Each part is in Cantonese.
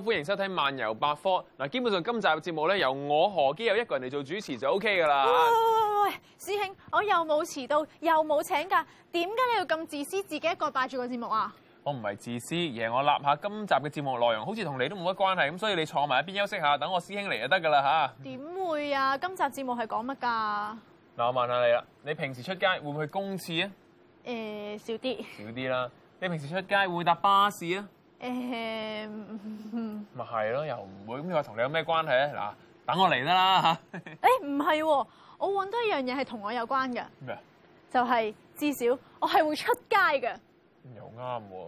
歡迎收睇漫遊百科。嗱，基本上今集節目咧由我何基友一個人嚟做主持就 O K 噶啦。喂喂喂，師兄，我又冇遲到，又冇請假，點解你要咁自私，自己一個霸住個節目啊？我唔係自私，而係我立下今集嘅節目的內容好似同你都冇乜關係，咁所以你坐埋一邊休息下，等我師兄嚟就得噶啦吓。點會啊？今集節目係講乜噶？嗱，我問下你啦，你平時出街會唔會去公廁啊？誒、呃，少啲。少啲啦。你平時出街會搭巴士啊？誒、嗯，咪係咯，又唔會，咁你話同你有咩關係咧？嗱、欸，等我嚟啦吓。誒，唔係，我搵到一樣嘢係同我有關嘅。咩啊？就係、是、至少我係會出街嘅、欸。又啱喎。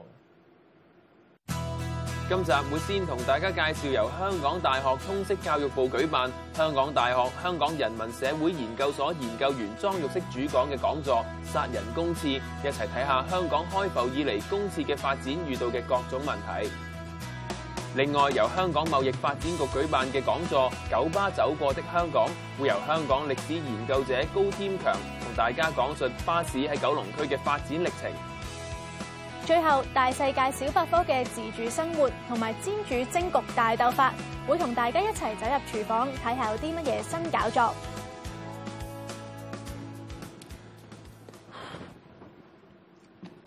今集會先同大家介紹由香港大學通識教育部舉辦、香港大學香港人文社會研究所研究員莊玉惜主講嘅講座《殺人公廁》，一齊睇下香港開埠以嚟公廁嘅發展遇到嘅各種問題。另外由香港貿易發展局舉辦嘅講座《九巴走過的香港》，會由香港歷史研究者高添強同大家講述巴士喺九龍區嘅發展歷程。最後大世界小百科嘅自主生活同埋煎煮蒸焗大鬥法，會同大家一齊走入廚房，睇下有啲乜嘢新搞作。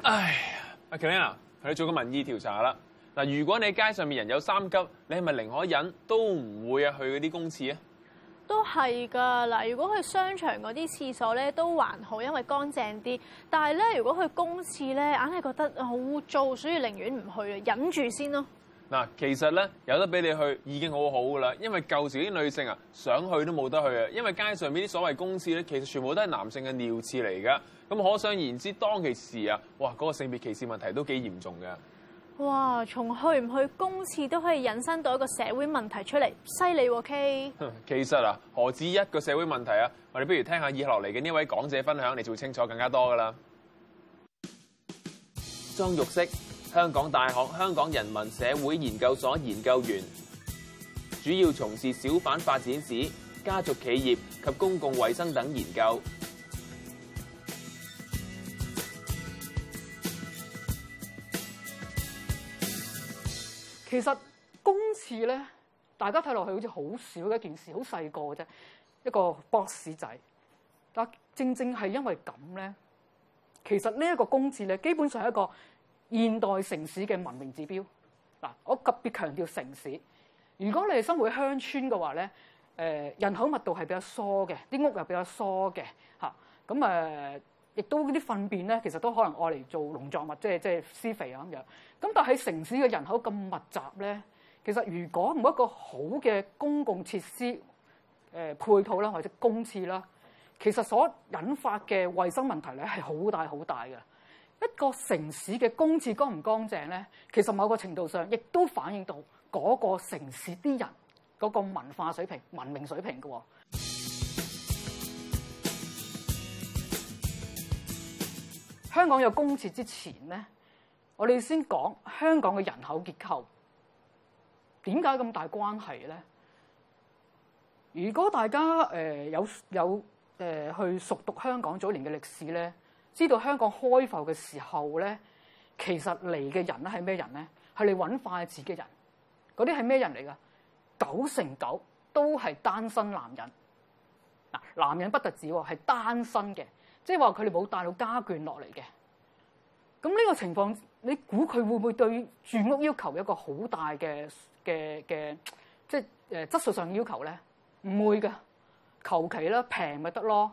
哎阿 Ken 啊，佢做個民意調查啦。嗱，如果你街上面人有三急，你係咪寧可忍都唔會啊去嗰啲公廁啊？都係㗎嗱，如果去商場嗰啲廁所咧，都還好，因為乾淨啲。但係咧，如果去公廁咧，硬係覺得好污糟，所以寧願唔去啊，忍住先咯。嗱，其實咧有得俾你去已經好好㗎啦，因為舊時啲女性啊想去都冇得去啊，因為街上面啲所謂公廁咧，其實全部都係男性嘅尿廁嚟㗎。咁可想而知，當其時啊，哇，嗰個性別歧視問題都幾嚴重㗎。哇！從去唔去公廁都可以引申到一個社會問題出嚟，犀利喎 K。其實啊，何止一個社會問題啊？我哋不如聽下以後嚟嘅呢位講者分享，你就會清楚更加多噶啦。莊玉惜，香港大學香港人文社會研究所研究員，主要從事小販發展史、家族企業及公共衛生等研究。其實公廁咧，大家睇落去好似好少嘅一件事，好細個嘅啫。一個博士仔，但，正正係因為咁咧，其實呢一個公廁咧，基本上係一個現代城市嘅文明指標。嗱，我特別強調城市。如果你係生活喺鄉村嘅話咧，誒、呃、人口密度係比較疏嘅，啲屋又比較疏嘅嚇，咁、啊、誒。亦都嗰啲糞便咧，其實都可能愛嚟做農作物，即係即係施肥啊咁樣。咁但係城市嘅人口咁密集咧，其實如果冇一個好嘅公共設施誒、呃、配套啦，或者公廁啦，其實所引發嘅衞生問題咧係好大好大嘅。一個城市嘅公廁乾唔乾淨咧，其實某個程度上亦都反映到嗰個城市啲人嗰個文化水平、文明水平嘅喎。香港有公廁之前咧，我哋先講香港嘅人口結構點解咁大關係咧？如果大家、呃、有有、呃、去熟讀香港早年嘅歷史咧，知道香港開埠嘅時候咧，其實嚟嘅人咧係咩人咧？係嚟搵筷子嘅人，嗰啲係咩人嚟㗎？九成九都係單身男人。嗱，男人不特止喎，係單身嘅。即係話佢哋冇帶到家眷落嚟嘅，咁呢個情況你估佢會唔會對住屋要求一個好大嘅嘅嘅，即係誒質素上嘅要求咧？唔會㗎，求其啦，平咪得咯，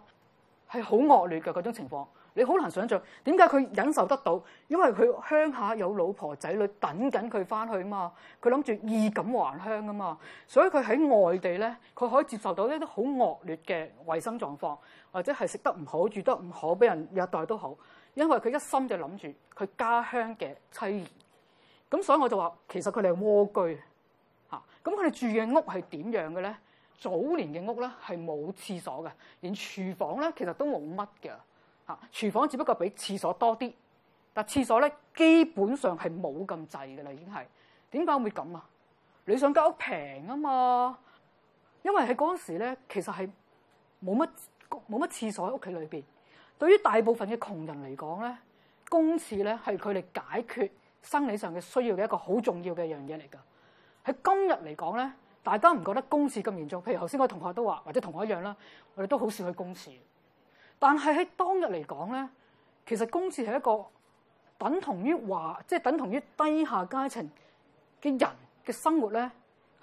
係好惡劣嘅嗰種情況。你好難想像點解佢忍受得到，因為佢鄉下有老婆仔女等緊佢翻去嘛，佢諗住衣錦還鄉啊嘛，所以佢喺外地咧，佢可以接受到一啲好惡劣嘅衛生狀況，或者係食得唔好、住得唔好、俾人虐待都好，因為佢一心就諗住佢家鄉嘅妻兒。咁所以我就話其實佢哋係蝸居嚇，咁佢哋住嘅屋係點樣嘅咧？早年嘅屋咧係冇廁所嘅，連廚房咧其實都冇乜嘅。廚房只不過比廁所多啲，但廁所咧基本上係冇咁滯噶啦，已經係，點解會咁啊？你想間屋平啊嘛？因為喺嗰陣時咧，其實係冇乜冇乜廁所喺屋企裏邊。對於大部分嘅窮人嚟講咧，公廁咧係佢哋解決生理上嘅需要嘅一個好重要嘅一樣嘢嚟噶。喺今日嚟講咧，大家唔覺得公廁咁嚴重？譬如頭先嗰同學都話，或者同學一樣啦，我哋都好少去公廁。但係喺當日嚟講咧，其實公廁係一個等同於華，即係等同於低下階層嘅人嘅生活咧，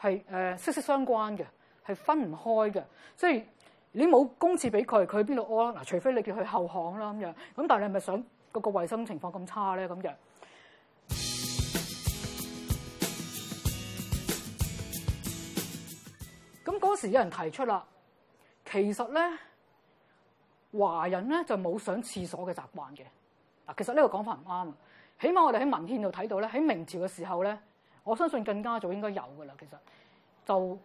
係誒息息相關嘅，係分唔開嘅。所以你冇公廁俾佢，佢喺邊度屙？嗱，除非你叫佢去後巷啦咁樣。咁但係你係咪想嗰個衞生情況咁差咧？咁樣。咁嗰時有人提出啦，其實咧。華人咧就冇上廁所嘅習慣嘅。嗱，其實呢個講法唔啱，起碼我哋喺文獻度睇到咧，喺明朝嘅時候咧，我相信更加早應該有噶啦。其實就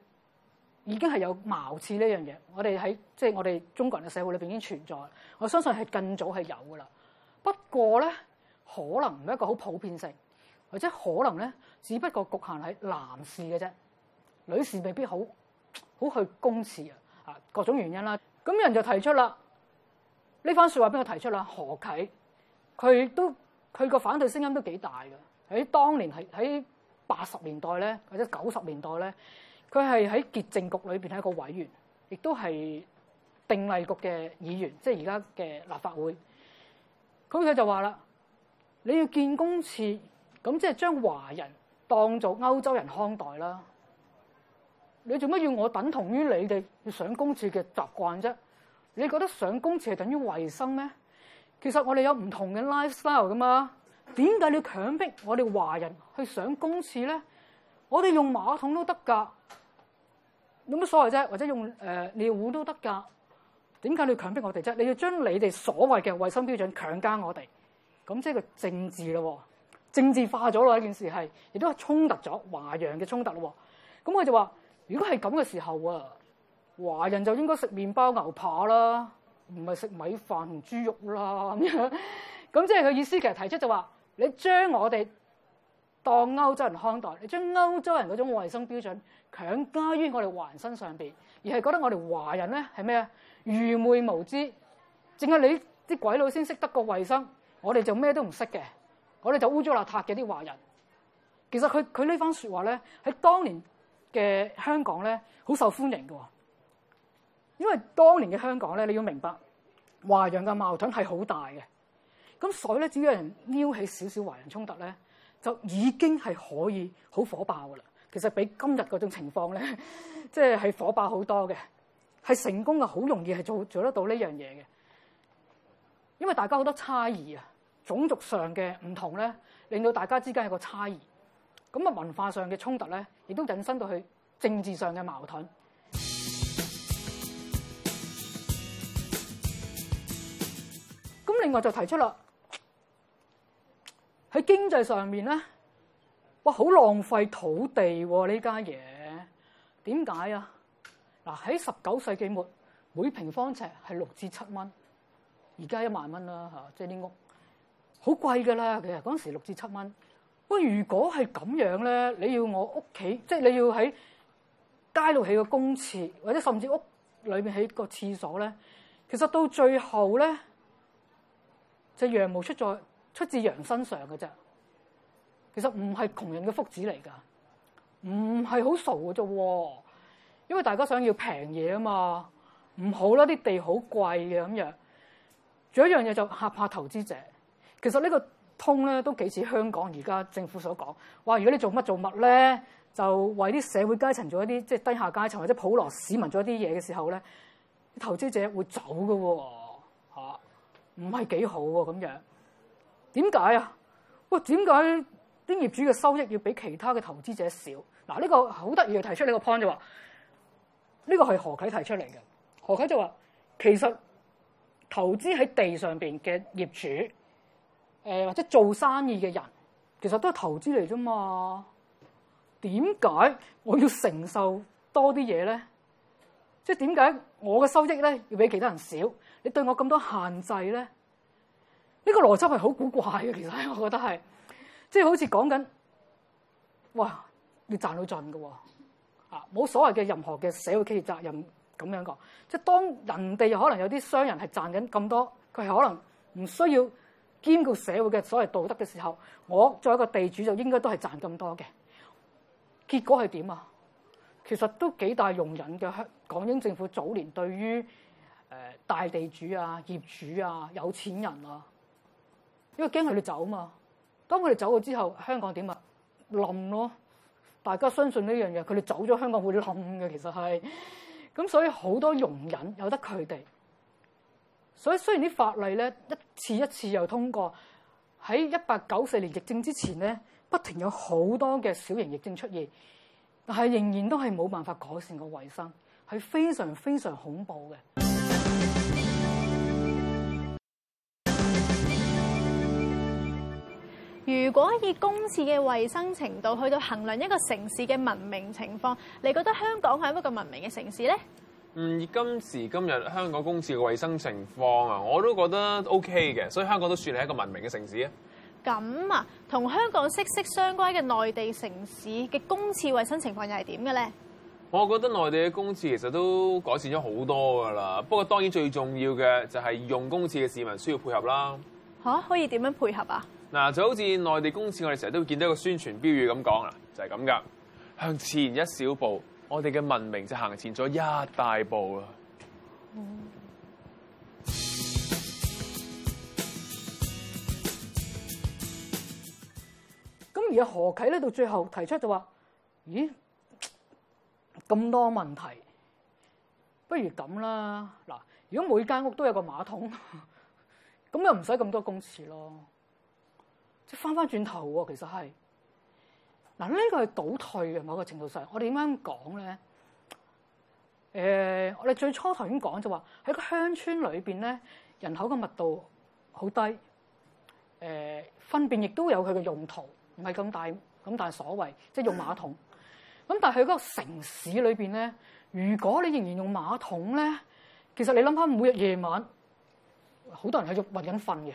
已經係有茅廁呢樣嘢，我哋喺即係我哋中國人嘅社會裏邊已經存在。我相信係更早係有噶啦。不過咧，可能唔係一個好普遍性，或者可能咧，只不過局限喺男士嘅啫，女士未必好好去公廁啊。啊，各種原因啦。咁人就提出啦。呢番説話畀我提出啦，何啟，佢都佢個反對聲音都幾大㗎。喺當年喺喺八十年代咧，或者九十年代咧，佢係喺潔淨局裏面，係一個委員，亦都係定例局嘅議員，即係而家嘅立法會。咁佢就話啦：你要建公廁，咁即係將華人當做歐洲人看待啦。你做乜要我等同於你哋要上公廁嘅習慣啫？你覺得上公廁係等於衞生咩？其實我哋有唔同嘅 lifestyle 㗎嘛？點解你要強迫我哋華人去上公廁咧？我哋用馬桶都得㗎，有乜所謂啫？或者用誒、呃、尿壺都得㗎？點解你要強迫我哋啫？你要將你哋所謂嘅衞生標準強加我哋？咁即係個政治咯，政治化咗咯，呢件事係，亦都係衝突咗華洋嘅衝突咯。咁佢就話：如果係咁嘅時候啊！華人就應該食麵包牛扒啦，唔係食米飯同豬肉啦咁樣。咁即係佢意思其實提出就話：「你將我哋當歐洲人看待，你將歐洲人嗰種衞生標準強加於我哋華人身上面。」而係覺得我哋華人咧係咩啊愚昧無知，淨係你啲鬼佬先識得個衛生，我哋就咩都唔識嘅，我哋就污糟邋遢嘅啲華人。其實佢佢呢番說話咧喺當年嘅香港咧好受歡迎喎。因為當年嘅香港咧，你要明白華人嘅矛盾係好大嘅。咁所以咧，只要有人撩起少少華人衝突咧，就已經係可以好火爆噶啦。其實比今日嗰種情況咧，即係係火爆好多嘅，係成功嘅，好容易係做做得到呢樣嘢嘅。因為大家好多差異啊，種族上嘅唔同咧，令到大家之間有個差異。咁啊，文化上嘅衝突咧，亦都引申到去政治上嘅矛盾。另外就提出啦，喺經濟上面咧，哇，好浪費土地喎！呢家嘢點解啊？嗱，喺十九世紀末，每平方尺係六至七蚊，而家一萬蚊啦，嚇！即係啲屋好貴噶啦。其實嗰陣時六至七蚊，不過，如果係咁樣咧，你要我屋企，即係你要喺街度起個公廁，或者甚至屋裏面起個廁所咧，其實到最後咧。就羊毛出在出自羊身上嘅啫，其實唔係窮人嘅福祉嚟噶，唔係好傻嘅啫。因為大家想要平嘢啊嘛，唔好啦，啲地好貴嘅咁樣。仲有一樣嘢就吓怕投資者。其實呢個通咧都幾似香港而家政府所講，哇！如果你做乜做乜咧，就為啲社會階層做一啲即係低下階層或者普羅市民做一啲嘢嘅時候咧，投資者會走噶。唔係幾好喎咁樣，點解啊？喂，點解啲業主嘅收益要比其他嘅投資者少？嗱、這個，呢個好得意，要提出呢個 point 就話、是，呢、這個係何啟提出嚟嘅。何啟就話，其實投資喺地上面嘅業主、呃，或者做生意嘅人，其實都係投資嚟啫嘛。點解我要承受多啲嘢咧？即係點解我嘅收益咧要比其他人少？你對我咁多限制咧？呢個邏輯係好古怪嘅，其實我覺得係，即係好似講緊，哇！要賺到盡嘅喎，啊冇所謂嘅任何嘅社會企業責任咁樣講。即係當人哋可能有啲商人係賺緊咁多，佢係可能唔需要兼顧社會嘅所謂道德嘅時候，我作為一個地主就應該都係賺咁多嘅。結果係點啊？其實都幾大容忍嘅。港英政府早年對於、呃、大地主啊、業主啊、有錢人啊，因為驚佢哋走嘛。當佢哋走咗之後，香港點啊冧咯？大家相信呢樣嘢，佢哋走咗香港會冧嘅。其實係咁，所以好多容忍由得佢哋。所以雖然啲法例咧一次一次又通過，喺一八九四年疫症之前咧，不停有好多嘅小型疫症出現，但係仍然都係冇辦法改善個衛生。係非常非常恐怖嘅。如果以公廁嘅衛生程度去到衡量一個城市嘅文明情況，你覺得香港係一個文明嘅城市呢？嗯，今時今日香港公廁嘅衛生情況啊，我都覺得 OK 嘅，所以香港都算係一個文明嘅城市啊。咁啊，同香港息息相關嘅內地城市嘅公廁衛生情況又係點嘅呢？我覺得內地嘅公廁其實都改善咗好多噶啦，不過當然最重要嘅就係用公廁嘅市民需要配合啦。嚇，可以點樣配合啊？嗱，就好似內地公廁，我哋成日都會見到一個宣傳標語咁講啊，就係咁噶，向前一小步，我哋嘅文明就行前咗一大步啦。哦。咁而家何啟呢？到最後提出就話，咦？咁多問題，不如咁啦。嗱，如果每間屋都有個馬桶，咁又唔使咁多公廁咯。即翻翻轉頭喎，其實係嗱、啊，呢、呢個係倒退嘅某個程度上。我哋點樣講咧？誒、呃，我哋最初頭先講就話喺個鄉村裏邊咧，人口嘅密度好低，誒、呃，分辨亦都有佢嘅用途，唔係咁大咁大所謂，即用馬桶。嗯咁但係嗰個城市裏邊咧，如果你仍然用馬桶咧，其實你諗翻每日夜晚，好多人喺度運緊糞嘅。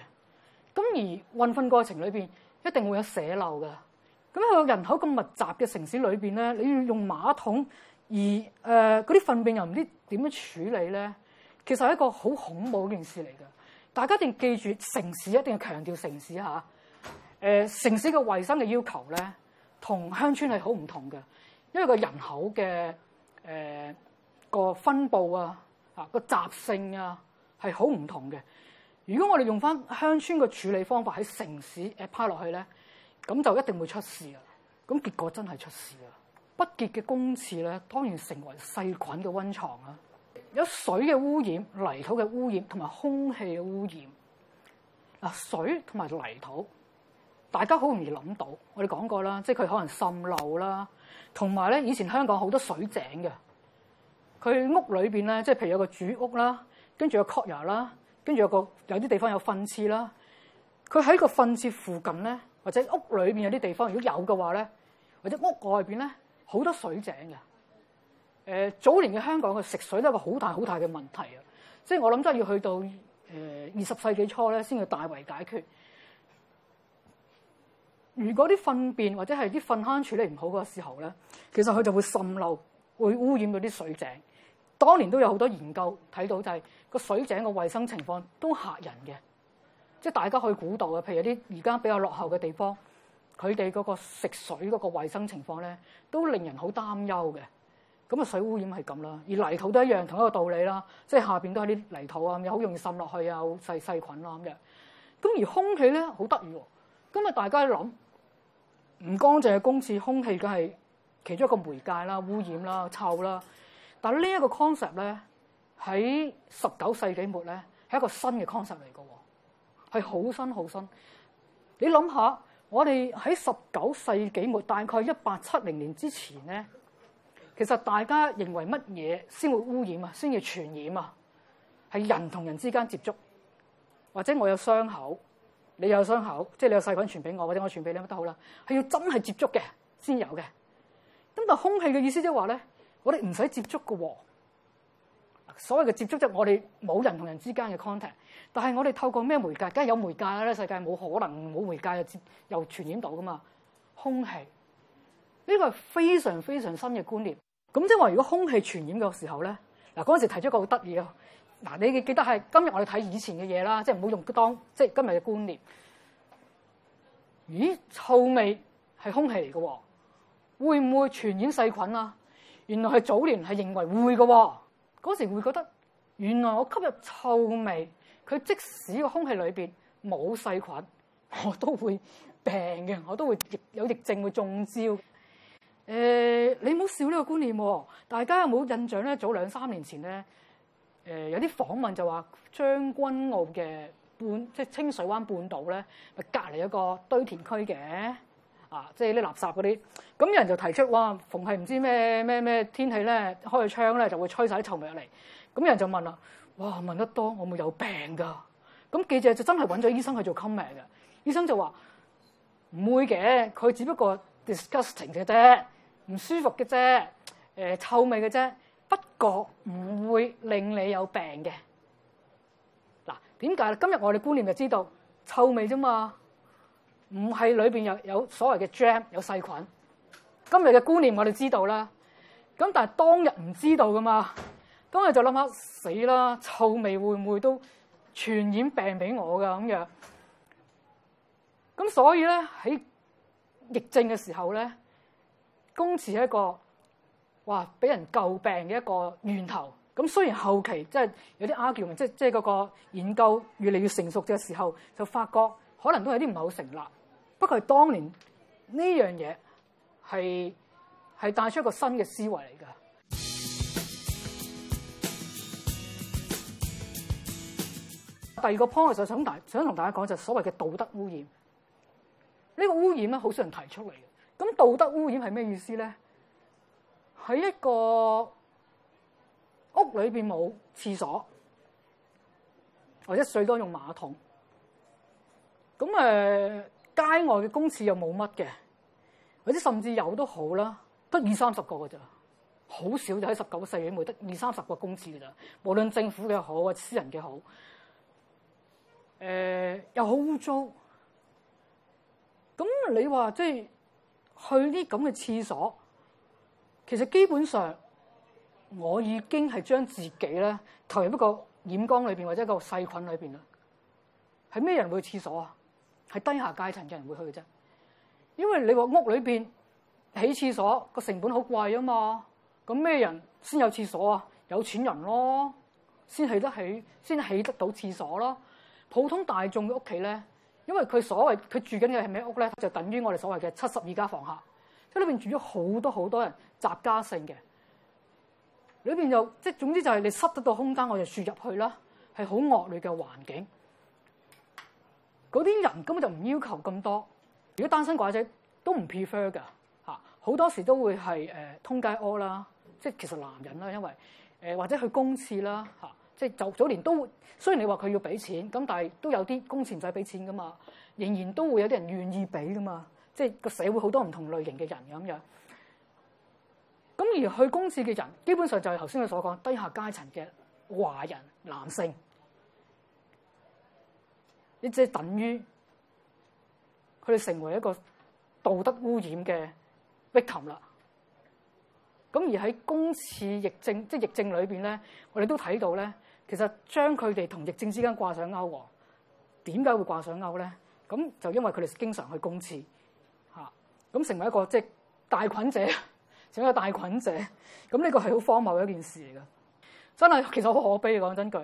咁而運糞過程裏邊一定會有泄漏噶。咁喺個人口咁密集嘅城市裏邊咧，你要用馬桶，而誒嗰啲糞便又唔知點樣處理咧，其實係一個好恐怖嘅件事嚟嘅。大家一定要記住，城市一定要強調城市嚇誒、呃、城市嘅衞生嘅要求咧，同鄉村係好唔同嘅。因為個人口嘅誒、呃、個分布啊，啊個習性啊係好唔同嘅。如果我哋用翻鄉村嘅處理方法喺城市誒拋落去咧，咁就一定會出事㗎啦。咁結果真係出事啦。不潔嘅公廁咧，當然成為細菌嘅溫床啦。有水嘅污染、泥土嘅污染同埋空氣嘅污染。嗱，水同埋泥土，大家好容易諗到。我哋講過啦，即係佢可能滲漏啦。同埋咧，以前香港好多水井嘅，佢屋裏邊咧，即係譬如有個主屋啦，跟住有 c o r k 啦，跟住有個有啲地方有糞廁啦，佢喺個糞廁附近咧，或者屋裏邊有啲地方如果有嘅話咧，或者屋外邊咧，好多水井嘅。誒、呃，早年嘅香港嘅食水都有個好大好大嘅問題啊！即係我諗真係要去到誒二十世紀初咧，先要大為解決。如果啲糞便或者係啲糞坑處理唔好嘅時候咧，其實佢就會滲漏，會污染嗰啲水井。當年都有好多研究睇到、就係，就係個水井個衛生情況都嚇人嘅，即係大家去估到嘅。譬如有啲而家比較落後嘅地方，佢哋嗰個食水嗰個衞生情況咧，都令人好擔憂嘅。咁啊，水污染係咁啦，而泥土都一樣，同一個道理啦。即係下邊都係啲泥土啊，又好容易滲落去啊，好細細菌啦咁樣。咁而空氣咧好得意喎，咁啊大家諗。唔乾淨嘅公廁，空氣梗係其中一個媒介啦，污染啦、臭啦。但呢一個 concept 咧喺十九世紀末咧係一個新嘅 concept 嚟嘅，係好新好新。你諗下，我哋喺十九世紀末，大概一八七零年之前咧，其實大家認為乜嘢先會污染啊？先至傳染啊？係人同人之間接觸，或者我有傷口。你有傷口，即係你有細菌傳俾我，或者我傳俾你乜都好啦，係要真係接觸嘅先有嘅。咁但係空氣嘅意思即係話咧，我哋唔使接觸嘅喎。所謂嘅接觸即係我哋冇人同人之間嘅 contact，但係我哋透過咩媒介？梗係有媒介啦，世界冇可能冇媒介又接又傳染到噶嘛？空氣呢個係非常非常深嘅觀念。咁即係話，如果空氣傳染嘅時候咧，嗱嗰陣時提出一個好得意啊！嗱，你記記得係今日我哋睇以前嘅嘢啦，即係唔好用當即係今日嘅觀念。咦，臭味係空氣嚟嘅喎，會唔會傳染細菌啊？原來係早年係認為會嘅喎，嗰時會覺得原來我吸入臭味，佢即使個空氣裏邊冇細菌，我都會病嘅，我都會有疫症會中招。誒、呃，你唔好笑呢個觀念喎，大家有冇印象咧？早兩三年前咧？誒、呃、有啲訪問就話將軍澳嘅半即係清水灣半島咧，隔離一個堆填區嘅啊！即係啲垃圾嗰啲，咁、嗯、有人就提出哇、呃，逢係唔知咩咩咩天氣咧，開咗窗咧就會吹晒啲臭味入嚟。咁、嗯、有人就問啦，哇，問得多，我會有病㗎。咁、嗯、記者就真係揾咗醫生去做 comment 嘅，醫生就話唔會嘅，佢只不過 disgusting 嘅啫，唔舒服嘅啫，誒、呃、臭味嘅啫。不過唔會令你有病嘅。嗱，點解咧？今日我哋觀念就知道臭味啫嘛，唔係裏邊有有所謂嘅 jam 有細菌。今日嘅觀念我哋知道啦。咁但係當日唔知道噶嘛，當日就諗下死啦，臭味會唔會都傳染病俾我噶咁樣？咁所以咧，喺疫症嘅時候咧，公廁係一個。哇！俾人詬病嘅一個源頭，咁雖然後期即係、就是、有啲 argument，即係即係嗰個研究越嚟越成熟嘅時候，就發覺可能都係啲唔係好成立。不過係當年呢樣嘢係係帶出一個新嘅思維嚟㗎。第二個 point 就想同想同大家講就係所謂嘅道德污染。呢、這個污染咧，好少人提出嚟嘅。咁道德污染係咩意思咧？喺一個屋裏面冇廁所，或者最多用馬桶。咁誒、呃，街外嘅公廁又冇乜嘅，或者甚至有都好啦，得二三十個嘅咋，好少就喺十九世紀，冇得二三十個公廁嘅咋。無論政府嘅好，或私人嘅好，誒、呃、又好污糟。咁你話即係去啲咁嘅廁所？其實基本上，我已經係將自己咧投入一個染缸裏面，或者一個細菌裏面啦。係咩人會去廁所啊？係低下階層嘅人會去嘅啫。因為你話屋裏面起廁所個成本好貴啊嘛，咁咩人先有廁所啊？有錢人咯，先起得起，先起得到廁所咯。普通大眾嘅屋企咧，因為佢所謂佢住緊嘅係咩屋咧，就等於我哋所謂嘅七十二家房客。嗰呢邊住咗好多好多人，雜家性嘅，呢邊就，即係總之就係你塞得到空間，我就住入去啦，係好惡劣嘅環境。嗰啲人根本就唔要求咁多，如果單身寡仔都唔 prefer 噶吓，好多時都會係誒，通街屙啦，即係其實男人啦，因為誒或者去公廁啦吓，即係就早年都會，雖然你話佢要俾錢，咁但係都有啲公廁唔使俾錢噶嘛，仍然都會有啲人願意俾噶嘛。即係個社會好多唔同類型嘅人咁樣，咁而去公廁嘅人基本上就係頭先我所講低下階層嘅華人男性，你即係等於佢哋成為一個道德污染嘅壁壘啦。咁而喺公廁疫症即係疫症裏邊咧，我哋都睇到咧，其實將佢哋同疫症之間掛上勾喎，點解會掛上勾咧？咁就因為佢哋經常去公廁。咁成為一個即係帶菌者，成為一個帶菌者，咁呢個係好荒謬嘅一件事嚟嘅。真係其實好可悲嘅，講真句，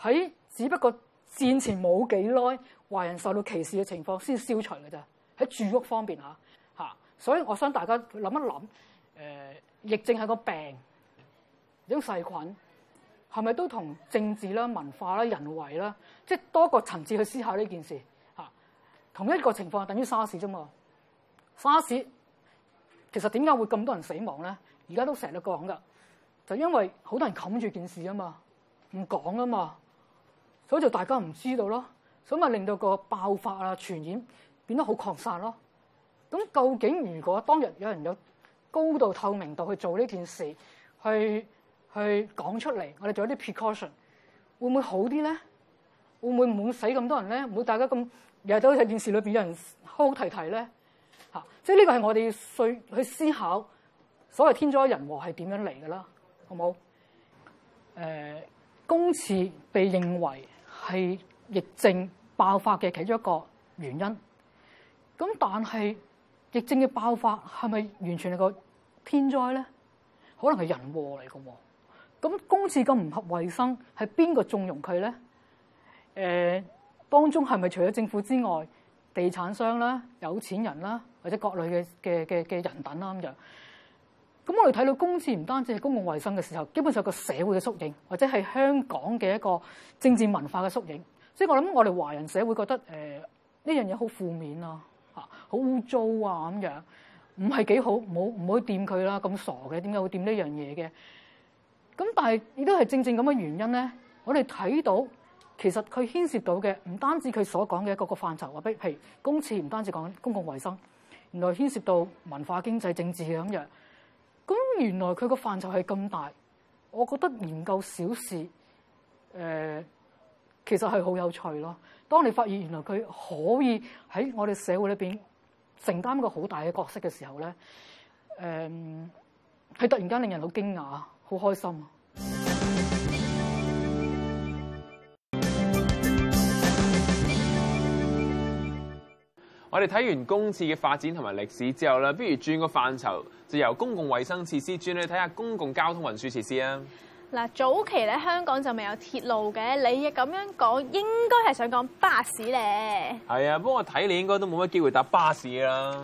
喺只不過戰前冇幾耐，華人受到歧視嘅情況先消除嘅咋，喺住屋方面嚇嚇，所以我想大家諗一諗，誒、呃，疫症係個病，呢種細菌係咪都同政治啦、文化啦、人為啦，即係多個層次去思考呢件事嚇，同一個情況等於沙士啫嘛。花市其實點解會咁多人死亡咧？而家都成日都講㗎，就因為好多人冚住件事啊嘛，唔講啊嘛，所以就大家唔知道咯，所以咪令到個爆發啊、傳染變得好擴散咯。咁究竟如果當日有人有高度透明度去做呢件事，去去講出嚟，我哋做一啲 precaution，會唔會好啲咧？會唔會唔會死咁多人咧？唔會，會大家咁日日都喺電視裏邊有人哭哭啼啼咧？即係呢個係我哋要需去思考所謂天災人禍係點樣嚟嘅啦，好冇？誒、呃，公廁被認為係疫症爆發嘅其中一個原因。咁但係疫症嘅爆發係咪完全係個天災咧？可能係人禍嚟嘅喎。咁公廁咁唔合衞生，係邊個縱容佢咧？誒、呃，當中係咪除咗政府之外，地產商啦、有錢人啦？或者各類嘅嘅嘅嘅人等啦，咁樣，咁我哋睇到公廁唔單止係公共衞生嘅時候，基本上係個社會嘅縮影，或者係香港嘅一個政治文化嘅縮影。所以，我諗我哋華人社會覺得誒呢、呃、樣嘢好負面啊，嚇好污糟啊，咁樣唔係幾好，唔唔好掂佢啦，咁傻嘅點解會掂呢樣嘢嘅？咁但係亦都係正正咁嘅原因咧，我哋睇到其實佢牽涉到嘅唔單止佢所講嘅一個個範疇，或譬如公廁唔單止講公共衞生。原來牽涉到文化、經濟、政治嘅咁樣，咁原來佢個範疇係咁大，我覺得研究小事，誒、呃，其實係好有趣咯。當你發現原來佢可以喺我哋社會裏邊承擔一個好大嘅角色嘅時候咧，誒、呃，係突然間令人好驚訝、好開心。我哋睇完公廁嘅發展同埋歷史之後咧，不如轉個範疇，就由公共衛生設施轉去睇下公共交通運輸設施啊！嗱，早期咧，香港就未有鐵路嘅，你亦咁樣講應該係想講巴士咧？係啊，不過我睇你應該都冇乜機會搭巴士啦。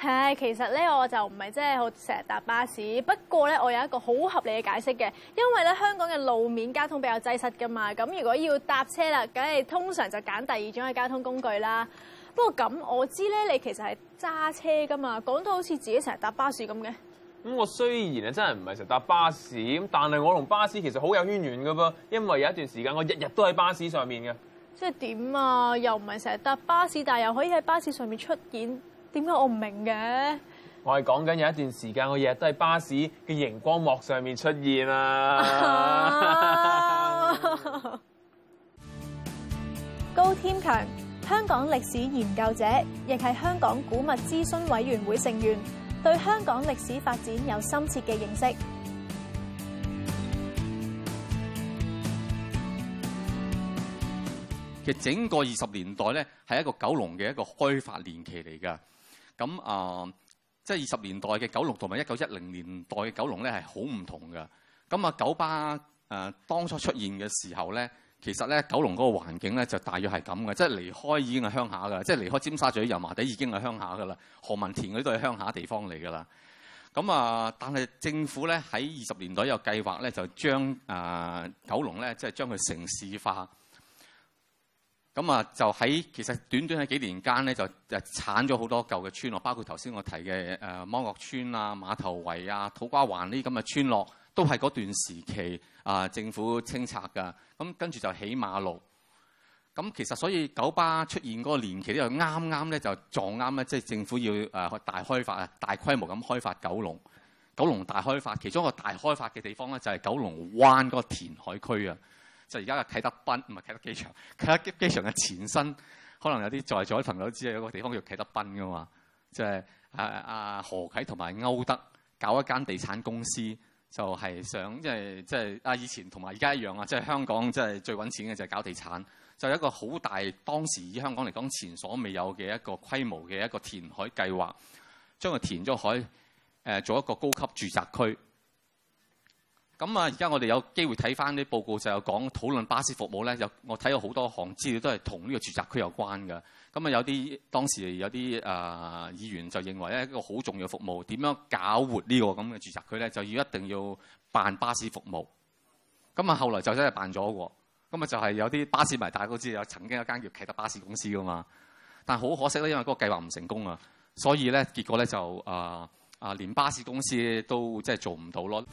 係，其實咧我就唔係真係好成日搭巴士，不過咧我有一個好合理嘅解釋嘅，因為咧香港嘅路面交通比較擠塞噶嘛，咁如果要搭車啦，梗係通常就揀第二種嘅交通工具啦。不過咁，我知咧，你其實係揸車噶嘛，講到好似自己成日搭巴士咁嘅。咁我雖然啊，真係唔係成日搭巴士，但係我同巴士其實好有淵源㗎噃，因為有一段時間我日日都喺巴士上面嘅。即係點啊？又唔係成日搭巴士，但係又可以喺巴士上面出現，點解我唔明嘅？我係講緊有一段時間，我日日都喺巴士嘅熒光幕上面出現啊。高添強。香港歷史研究者，亦係香港古物諮詢委員會成員，對香港歷史發展有深切嘅認識。其實整個二十年代咧，係一個九龍嘅一個開發年期嚟噶。咁啊，即係二十年代嘅九龍，同埋一九一零年代嘅九龍咧，係好唔同噶。咁啊，九巴誒、呃、當初出現嘅時候咧。其實咧，九龍嗰個環境咧就大約係咁嘅，即係離開已經係鄉下嘅，即係離開尖沙咀油麻地已經係鄉下嘅啦。何文田嗰啲都係鄉下地方嚟㗎啦。咁啊，但係政府咧喺二十年代有計劃咧，就將啊、呃、九龍咧即係將佢城市化。咁啊，就喺其實短短嘅幾年間咧，就就剷咗好多舊嘅村落，包括頭先我提嘅誒芒角村啊、馬頭圍啊、土瓜灣呢啲咁嘅村落。都係嗰段時期啊、呃，政府清拆㗎，咁、嗯、跟住就起馬路。咁、嗯、其實所以九巴出現嗰個年期咧，就啱啱咧就撞啱咧，即、就、係、是、政府要誒、呃、大開發啊，大規模咁開發九龍。九龍大開發，其中一個大開發嘅地方咧，就係、是、九龍灣嗰個填海區啊。就而家嘅啟德濱唔係啟德機場，啟德機場嘅前身，可能有啲在座嘅朋友都知啊，有個地方叫啟德濱噶嘛，就係誒阿何啟同埋歐德搞一間地產公司。就係想，即係即係啊！以前同埋而家一樣啊，即係香港即係最揾錢嘅就係搞地產，就係一個好大，當時以香港嚟講前所未有嘅一個規模嘅一個填海計劃，將佢填咗海，誒做一個高級住宅區。咁啊！而家我哋有機會睇翻啲報告，就有講討論巴士服務咧。有我睇過好多項資料都係同呢個住宅區有關嘅。咁啊，有啲當時有啲啊、呃、議員就認為咧一個好重要嘅服務，點樣搞活呢個咁嘅住宅區咧，就要一定要辦巴士服務。咁啊，後來就真係辦咗喎。咁啊，就係、是、有啲巴士迷，大家都知有曾經有一間叫啟德巴士公司噶嘛。但係好可惜咧，因為嗰個計劃唔成功啊，所以咧結果咧就啊啊、呃、連巴士公司都即係做唔到咯。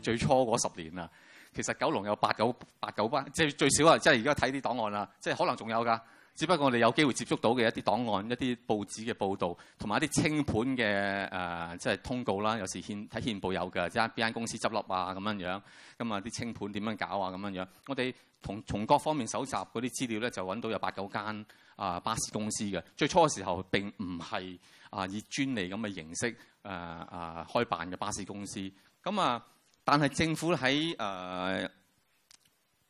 最初嗰十年啊，其實九龍有八九八九班，即係最少啊！即係而家睇啲檔案啦，即係可能仲有㗎。只不過我哋有機會接觸到嘅一啲檔案、一啲報紙嘅報導，同埋一啲清盤嘅誒，即係通告啦。有時憲睇憲報有㗎，即係邊間公司執笠啊？咁樣樣咁啊，啲清盤點樣搞啊？咁樣樣，我哋從從各方面搜集嗰啲資料咧，就揾到有八九間啊、呃、巴士公司嘅。最初嘅時候並唔係啊以專利咁嘅形式誒誒、呃呃、開辦嘅巴士公司，咁啊。呃但係政府喺誒二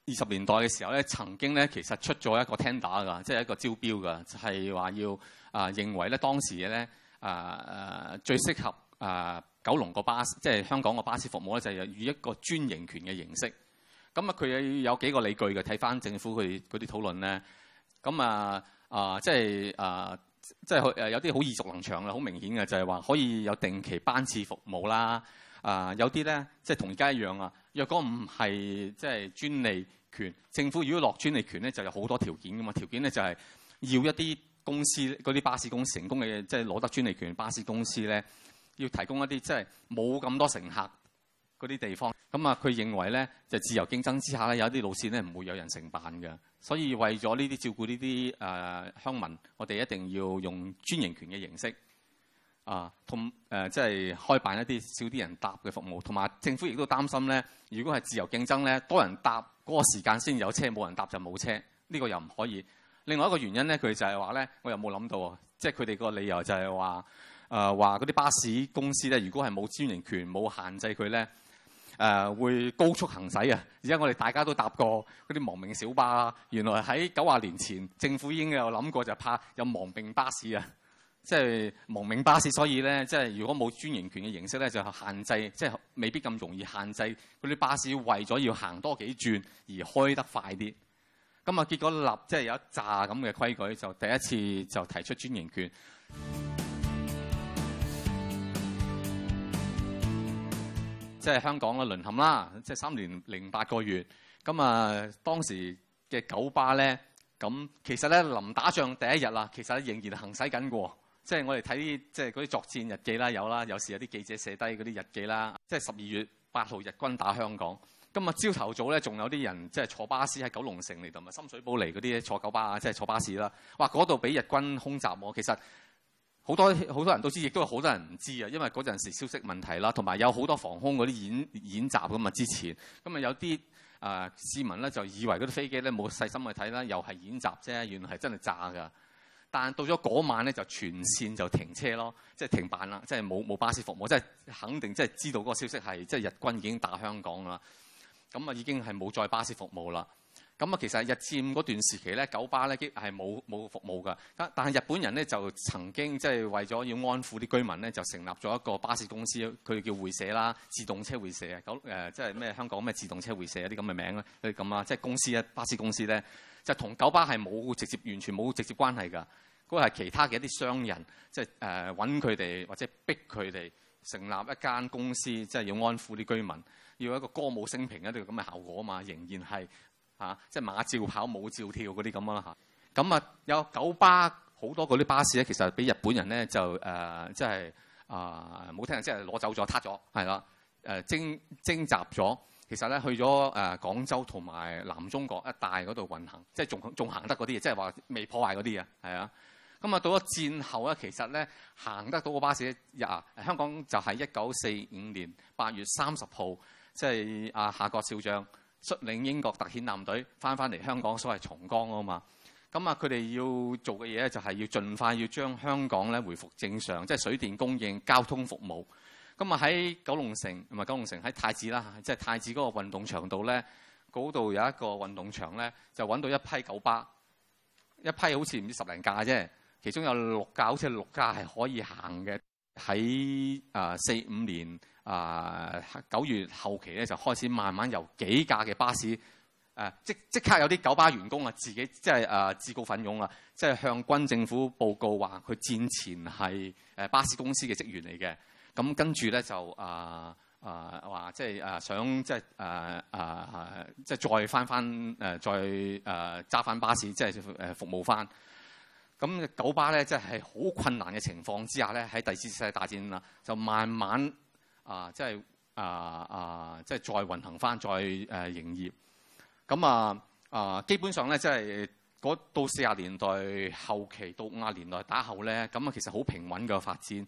十年代嘅時候咧，曾經咧其實出咗一個 tender 㗎，即係一個招標㗎，就係、是、話要啊、呃、認為咧當時嘅咧啊啊最適合啊、呃、九龍個巴士，即係香港個巴士服務咧，就係、是、以一個專營權嘅形式。咁啊，佢有幾個理據嘅，睇翻政府佢嗰啲討論咧。咁啊啊，即係啊、呃、即係誒有啲好耳熟能詳嘅，好明顯嘅就係、是、話可以有定期班次服務啦。啊、呃，有啲咧，即係同而家一樣啊。若果唔係即係專利權，政府如果落專利權咧，就有好多條件㗎嘛。條件咧就係、是、要一啲公司嗰啲巴士公司成功嘅，即係攞得專利權巴士公司咧，要提供一啲即係冇咁多乘客嗰啲地方。咁啊，佢認為咧，就自由競爭之下咧，有一啲路線咧唔會有人承辦嘅。所以為咗呢啲照顧呢啲誒鄉民，我哋一定要用專營權嘅形式。啊，同、呃、誒即係開辦一啲少啲人搭嘅服務，同埋政府亦都擔心咧。如果係自由競爭咧，多人搭嗰個時間先有車，冇人搭就冇車，呢、這個又唔可以。另外一個原因咧，佢就係話咧，我又冇諗到，啊。即係佢哋個理由就係話誒話嗰啲巴士公司咧，如果係冇專營權冇限制佢咧，誒、呃、會高速行駛啊！而家我哋大家都搭過嗰啲亡命小巴啦，原來喺九十年前政府已經有諗過，就怕有亡命巴士啊！即係亡命巴士，所以咧，即係如果冇專營權嘅形式咧，就限制即係未必咁容易限制嗰啲巴士為咗要行多幾轉而開得快啲。咁、嗯、啊，結果立即係有一詐咁嘅規矩，就第一次就提出專營權，嗯、即係香港嘅淪陷啦，即係三年零八個月。咁、嗯、啊、嗯，當時嘅九巴咧，咁其實咧臨打仗第一日啦，其實仍然行駛緊嘅喎。即、我哋睇啲，即係嗰啲作戰日記啦，有啦。有時有啲記者寫低嗰啲日記啦。即係十二月八號，日軍打香港。今日朝頭早咧，仲有啲人即係坐巴士喺九龍城嚟，同埋深水埗嚟嗰啲坐九巴啊，即、坐巴士啦。哇！嗰度俾日軍空襲喎。其實好多好多人都知，亦都有好多人唔知啊。因為嗰陣時消息問題啦，同埋有好多防空嗰啲演演習噶嘛。之前咁啊，有啲啊、呃、市民咧就以為嗰啲飛機咧冇細心去睇啦，又係演習啫，原來係真係炸㗎。但到咗嗰晚咧，就全線就停車咯，即係停辦啦，即係冇冇巴士服務，即係肯定即係知道嗰個消息係即係日軍已經打香港啦。咁啊已經係冇再巴士服務啦。咁啊其實日佔嗰段時期咧，九巴咧係冇冇服務噶。但係日本人咧就曾經即係為咗要安撫啲居民咧，就成立咗一個巴士公司，佢叫會社啦，自動車會社啊，九、呃、誒即係咩香港咩自動車會社啊啲咁嘅名咧，咁啊即係公司啊巴士公司咧。就同九巴係冇直接完全冇直接關係㗎，嗰個係其他嘅一啲商人，即係誒揾佢哋或者逼佢哋成立一間公司，即係要安撫啲居民，要一個歌舞升平一啲咁嘅效果啊嘛，仍然係嚇，即係馬照跑，舞照跳嗰啲咁啊嚇。咁啊，有九巴好多嗰啲巴士咧，其實俾日本人咧就誒，即係啊冇聽，即係攞走咗，撻咗，係啦，誒徵徵集咗。其實咧去咗誒、呃、廣州同埋南中國一帶嗰度運行，即係仲仲行得嗰啲嘢，即係話未破壞嗰啲嘢，係啊。咁啊到咗戰後咧，其實咧行得到個巴士日啊，香港就係一九四五年八月三十號，即係阿夏慤少將率領英國特遣艦隊翻翻嚟香港，所謂重光啊嘛。咁啊，佢哋要做嘅嘢咧，就係要盡快要將香港咧回復正常，即係水電供應、交通服務。今日喺九龍城唔係九龍城喺太子啦，即係太子嗰個運動場度咧，嗰度有一個運動場咧，就揾到一批九巴，一批好似唔知十零架啫。其中有六架好似六架係可以行嘅。喺啊四五年啊九、呃、月後期咧，就開始慢慢由幾架嘅巴士誒、呃，即即刻有啲九巴員工啊，自己即係啊、呃、自告奮勇啦，即係向軍政府報告話佢戰前係誒巴士公司嘅職員嚟嘅。咁跟住咧，就啊啊話即係啊想即係啊啊即係再翻翻誒再誒揸翻巴士即係誒服務翻。咁九巴咧，即係好困難嘅情況之下咧喺第二次世界大戰啦，就慢慢啊、呃、即係啊啊即係、呃、再運行翻再誒營業。咁啊啊基本上咧即係到四十年代後期到五十年代打後咧，咁啊其實好平穩嘅發展。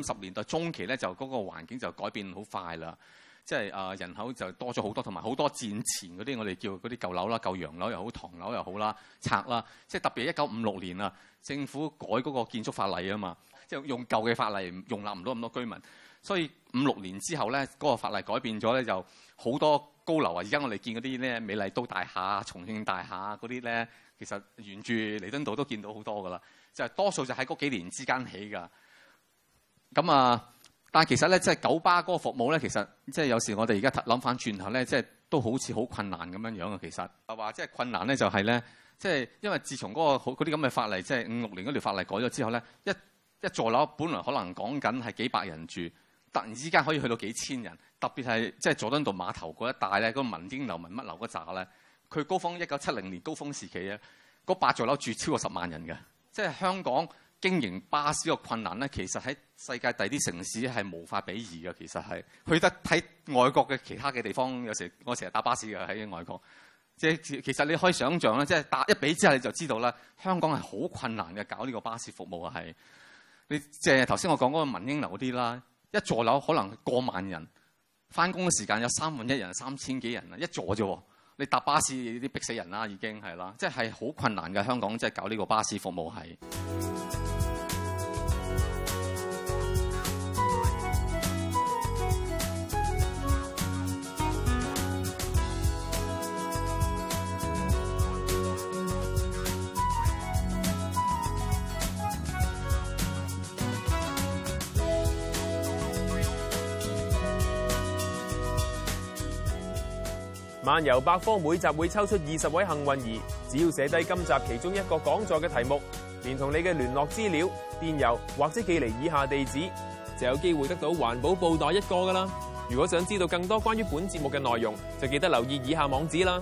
五十年代中期咧，就嗰個環境就改變好快啦，即係啊人口就多咗好多，同埋好多戰前嗰啲我哋叫嗰啲舊樓啦、舊洋樓又好、唐樓又好啦，拆啦，即係特別一九五六年啊，政府改嗰個建築法例啊嘛，即係用舊嘅法例容納唔到咁多居民，所以五六年之後咧，嗰個法例改變咗咧，就好多高樓啊！而家我哋見嗰啲咧美麗都大廈、重慶大廈嗰啲咧，其實沿住彌敦道都見到好多噶啦，就係多數就喺嗰幾年之間起噶。咁啊！但係其實咧，即係九巴嗰個服務咧，其實即係有時我哋而家諗翻轉頭咧，即係都好似好困難咁樣樣啊！其實係話即係困難咧，就係、是、咧，即係因為自從嗰、那個好嗰啲咁嘅法例，即係五六年嗰條法例改咗之後咧，一一座樓本來可能講緊係幾百人住，突然之間可以去到幾千人。特別係即係佐敦道碼頭嗰一帶咧，嗰、那個、民英樓民乜樓嗰紮咧，佢高峰一九七零年高峰時期啊，嗰八座樓住超過十萬人嘅，即係香港。經營巴士個困難咧，其實喺世界第啲城市係無法比擬嘅。其實係去得睇外國嘅其他嘅地方，有時我成日搭巴士嘅喺外國，即係其實你可以想象咧，即係搭一比之下你就知道啦。香港係好困難嘅搞呢個巴士服務係，你即係頭先我講嗰個民英樓啲啦，一座樓可能過萬人，翻工嘅時間有三分一人，三千幾人啊，一座啫。你搭巴士你啲逼死人啦，已經係啦，即係好困難嘅香港即係搞呢個巴士服務係。是漫遊百科每集會抽出二十位幸運兒，只要寫低今集其中一個講座嘅題目，連同你嘅聯絡資料、電郵或者寄嚟以下地址，就有機會得到環保布袋一個噶啦。如果想知道更多關於本節目嘅內容，就記得留意以下網址啦。